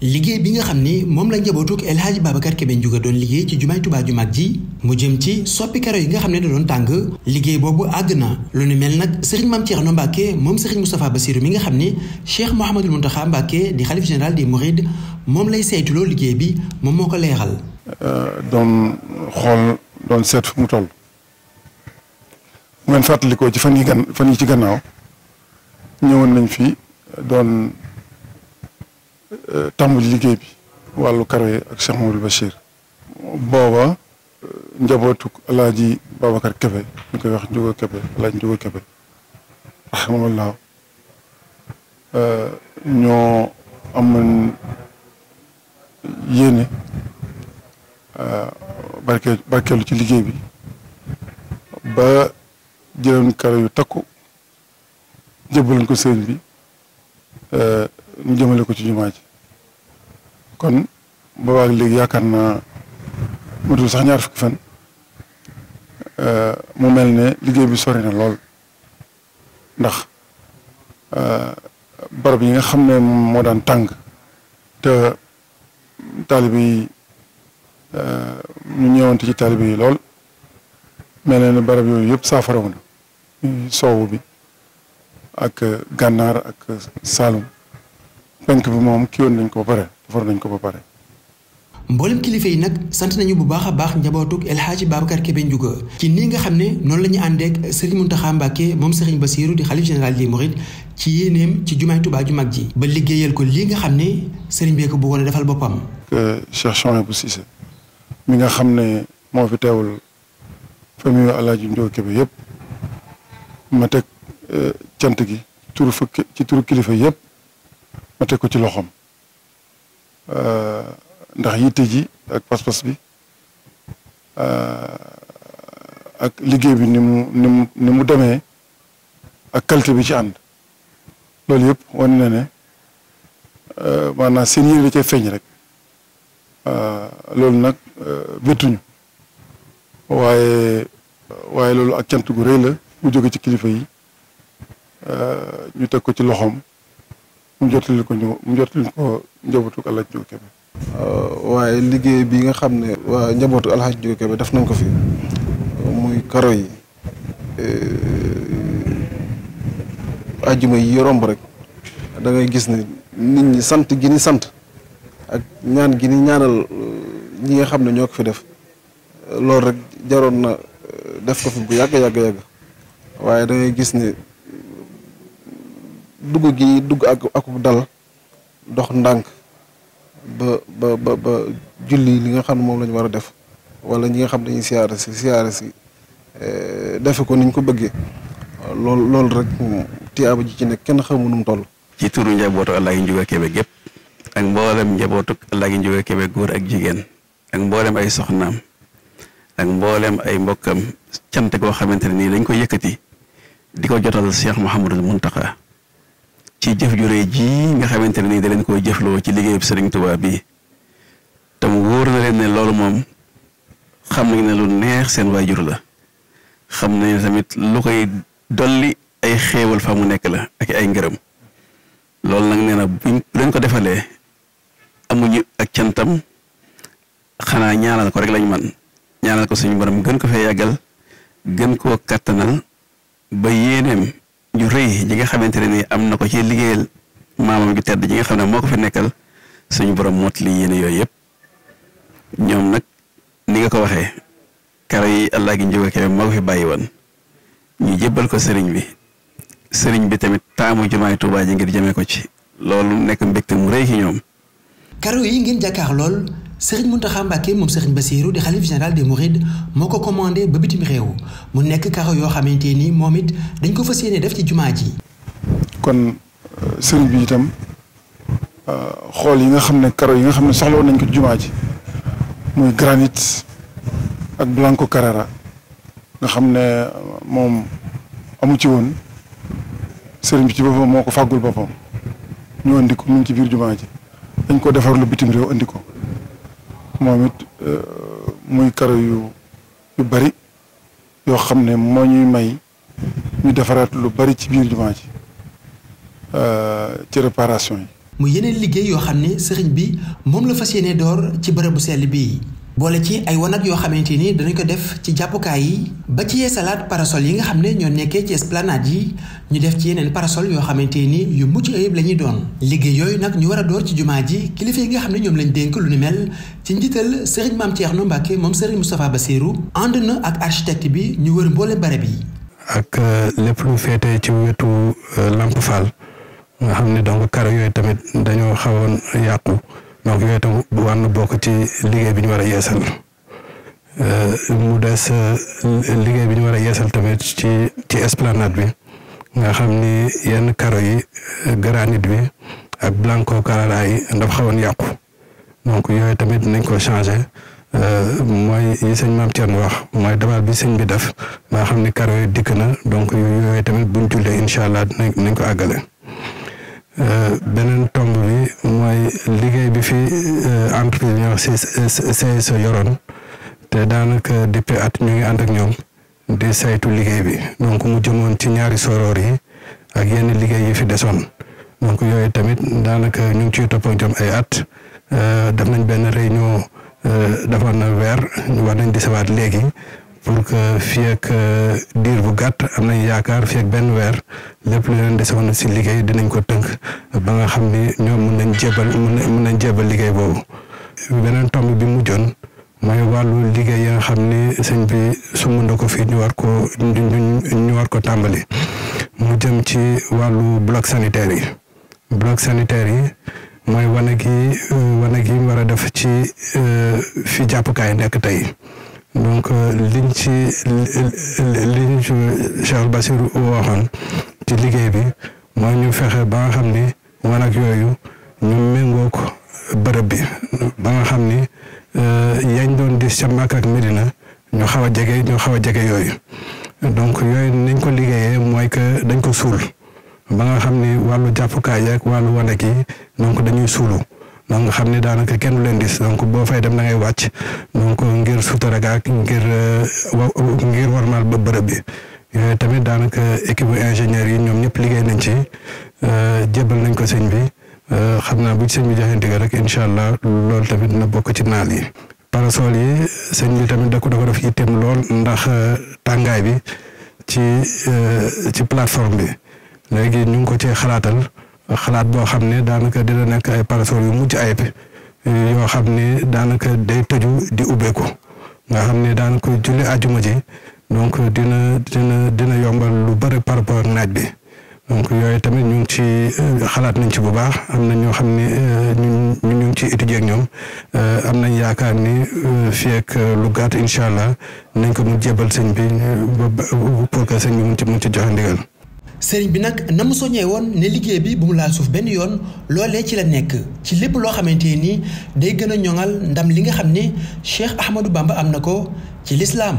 liggéey bi nga xam ni moom la njabootuk El Hadj Babacar Kébé Ndiouga doon liggéey ci jumaay Tuubaa ju mag ji mu jëm ci soppi karo yi nga xam ne da doon tàng liggéey boobu àgg na lu ni mel nag sëriñ Maam Thierno Mbacke moom sëriñ Moustapha Bassirou mi nga xam ni Cheikh Mouhamadul Mountakha Mbacke di xalif général des Mourides moom lay saytuloo liggéey bi moom moo ko leeral. Euh, doon xool doon seet fu mu toll. mu ngeen fàttalikoo ci fan yi fan yi ci gannaaw ñëwoon tàmbali liggéey bi wàllu karo yi ak Cheikh Mamadou Bachir booba njabootuk alaaji Babacar Kebe ñu koy wax Njugo Kebe alaaji Njugo Kebe raxamallaahu euh, ñoo amoon yéene euh, barke barkeelu ci liggéey bi ba jëloon karo yu takku jëbbaloon ko sëriñ bi euh, ñu jëmale ko ci jumaa ji kon boobaag léegi yaakaar naa matul sax ñaar fukki fan euh, mu mel ne liggéey bi sori na lool ndax euh, barab yi nga xam ne moo daan tàng te taalibe yi euh, ñu ñëwante ci taalibe yi lool mel na ne barab yooyu yëpp saafarawu na soowu bi ak gànnaar ak saalum penk bi moom ki woon nañ ko ba pare war nañ ko ba pare. mboolem kilifa yi nag sant nañu bu baax a baax njabootug El Hadji Babacar Kébé ci nii nga xam ne noonu la ñu àndeek mun Mountakha Mbacké moom ba Bassirou di xalif général des Mourides ci yéeneem ci jumaay Touba ju mag ji. ba liggéeyal ko lii nga xam ne Serigne Mbéko bu woon a defal boppam. Cheikh bu Cissé mi nga xam ne moo fi teewul famille El Hadji Ndiouga Kébé yëpp ma teg euh, cant gi turu fukki ci turu kilifa yëpp ma teg ko ci loxoom. Euh, ndax yitte ji ak pas bi euh, ak liggéey bi ni mu ni mu demee ak qualité bi ci ànd loolu yëpp wane na ne euh, maanaam seen yéene da cee feeñ rek loolu nag bettuñu waaye waaye loolu ak cant gu rëy la mu jóge ci kilifa yi ñu teg ko ci loxoom mu jottali ko ñëw mu jottali ko njabootu El Hadj Ndiouga waaye liggéey bi nga xam ne waa njabootu El Hadj bi def nañ ko fi muy karo yi eh, ajjuma yi yoromb rek da ngay gis ne nit ñi sant gi ni sant ak ñaan gi ni ñaanal eh, ñi nga xam ne ñoo ko fi def loolu rek jaroon na eh, def ko fi bu yàgg yàgg yàgg waaye da gis ne. dugg gi dugg ak akuk dal dox ndànk ba ba ba julli li nga xam ne moom la war a def wala ñi nga xam dañuy siyaare si siyaare si eh, defe ko niñ ko bëggee loolu loolu rek tiyaaba ji ci nekk kenn xamu nu toll. ci turu njabootu Allaaji Ndiouga Kébé gépp ak mboolem njabootu Allaaji Ndiouga Kébé góor ak jigéen ak mboolem ay soxnaam ak mboolem ay mbokkam cant koo xamante ne nii dañ koy yëkkati di ko jotal Cheikh Mouhamadul Mountakha. ci jëf ju rëy nga xamante ne nii da leen koo jëfloo ci liggéeyub Serigne Touba bi te mu wóor na leen ne loolu moom xam nañ ne lu neex seen waajur la xam nañ tamit lu koy dolli ay xéewal fa mu nekk la ak ay ngërëm loolu nag nee na buñ dañ ko defalee amuñu ak cantam xanaa ñaanal ko rek lañ man ñaanal ko suñu borom gën ko fee yàggal gën koo kattanal ba yéeneem rëy ji nga xamante ne ni am na ko ci liggéeyal maamam ju tedd ji nga xam ne moo ko fi nekkal suñu borom mottali yéene yooyu yëpp ñoom nag ni nga ko waxee kara yi allah gi njóge kebe moo ko fi bàyyi woon ñu jébbal ko sëriñ bi sëriñ bi tamit taamu jumaay Tuubaa ji ngir jëmee ko ci loolu nekk mbégte mu rëy ci ñoom karo yi ngeen jàkkaar lool Serigne Mountakha Mbacké moom Serigne Bassirou di xalif général des Mourides moo ko commandé ba bitim réew mu nekk karo yoo xamante nii moom it dañ ko fa yéene def ci jumaa ji. kon euh, euh, xool yi nga xam ne karo yi nga xam ne soxla nañ ko jumaa ji muy granit ak blanco carrara nga xam ne euh, moom amu ci woon sëriñ bi ci boppam moo ko fàggul boppam ñu andi ko mu ci biir jumaa ji dañ ko defar lu bitim réew andi ko. moom it euh, muy karo yu yu bari yoo xam ne moo ñuy may ñu defaraat lu bari ci biir jumaa ji euh, ci réparation yi. mu yeneen liggéey yoo xam ne sëriñ bi moom la fas yéene door ci bërëbu sell bii. boole ci ay wanag yoo xamante ni danañ ko def ci jàppukaay yi ba ci yeesalaat parasol yi nga xam ne ñoo nekkee ci esplanade yi ñu def ci yeneen parasol yoo xamante nii yu mucc ayib la doon liggéey yooyu nag ñu war a door ci jumaa ji kilifa yi nga xam ne ñoom lañ dénk lu ni mel ci njiital sëriñ Maam Thierno Mbacke moom sëriñ Moustapha Bassirou ànd na ak architecte bi ñu wër mboole barab yi. ak euh, lépp lu féetee ci wetu euh, Lamp Fall nga xam ne donc karo yooyu tamit dañoo xawoon yàqu. donc yooyu tam war bokk ci liggéey bi ñu war a yeesal euh, mu des euh, liggéey bi ñu war a yeesal tamit ci ci esplanade bi nga xam ni yenn karo yi granit bi ak blanco carrara yi dafa xawoon yàqu donc yooyu tamit nañ ko changer euh, mooy yi sëñ maam Thierno wax mooy dabaal bi sëñ bi def nga xam ni karo yi dikk na donc yooyu tamit buñ jullee incha allah nañ ko àggale. Euh, beneen tomb bi mooy liggéey bi fi euh, entrepreneur si so yoroon te daanaka depuis at ñu ngi ànd ak ñoom di saytu liggéey bi donc mu jëmoon ci ñaari soroor yi ak yenn liggéey yi fi desoon donc yooyu tamit daanaka ñu ngi ciy topp jom ay at euh, def nañ benn réunion dafa na weer war nañ di sawaat léegi pour que fii ak euh, diir bu gàtt am nañ yaakaar fii ak benn weer lépp lu leen desoon na si liggéey dinañ ko tënk ba nga xam ni ñoom mun nañ jébal mun nañ jébal liggéey boobu beneen tomb bi mu mujjoon mooy wàllu liggéey yi nga xam ni sëñ bi sumb na ko fii ñu war ko ñu war ko tàmbali mu jëm ci wàllu bloc sanitaire yi bloc sanitaire yi mooy wanag yi euh, wanag yi war a def ci euh, fi jàppukaay nekk tey donc euh, liñ ci liñ ci Cheikh Bassirou liggéey bi mooy ñu fexe ba xam ni wanag yooyu ñu méngoog bërëb bi ba nga xam ni euh, yañ doon gis ca Makka ak Medina ñu xaw a jege ñu xaw a jege yooyu donc yooyu niñ ko liggéeyee mooy que dañ ko suul ba nga xam ni wàllu jàppukaay yeeg wàllu wanag yi donc dañuy suulu donc xam ne daanaka kenn du leen gis donc boo fay dem da ngay wàcc donc ngir sutura gaak ngir euh, ngir warmaal ba bërëb bi euh, tamit daanaka équipe bu ingénieur yi ñoom ñëpp liggéey nañ ci euh, jébbal nañ ko sëñ bi xam naa bu sëñ bi joxe ndigal rek incha allah loolu tamit na bokk ci naal yi. parasol yi sëñ bi tamit da ko dafa def itam lool ndax tàngaay bi ci ci plateforme bi léegi ñu ngi ko cee xalaatal. xalaat boo xam ne daanaka dina nekk ay parasol yu mucc ayib eh, yoo xam ne daanaka day tëju di ubbeeku nga xam ne daanaka julli àjjuma ji donc dina dina dina yombal lu bëri par rapport ak naaj bi donc yooyu tamit ñu ngi ci eh, xalaat nañ ci bu baax am na ñoo xam ne eh, ñu ñu ngi ci étudier ak ñoom am nañ yaakaar ni fii ak lu gàtt incha allah nañ ko mu jébal sëñ bi pour que sëñ bi mun ci ci joxe ndigal. sëriñ bi nag na mu soññee woon ne liggéey bi bu mu laal suuf benn yoon loolee ci la nekk ci lépp loo xamante ni day gën a ñoŋal ndam li nga xam ni Cheikh Ahmadou Bamba am na ko ci lislaam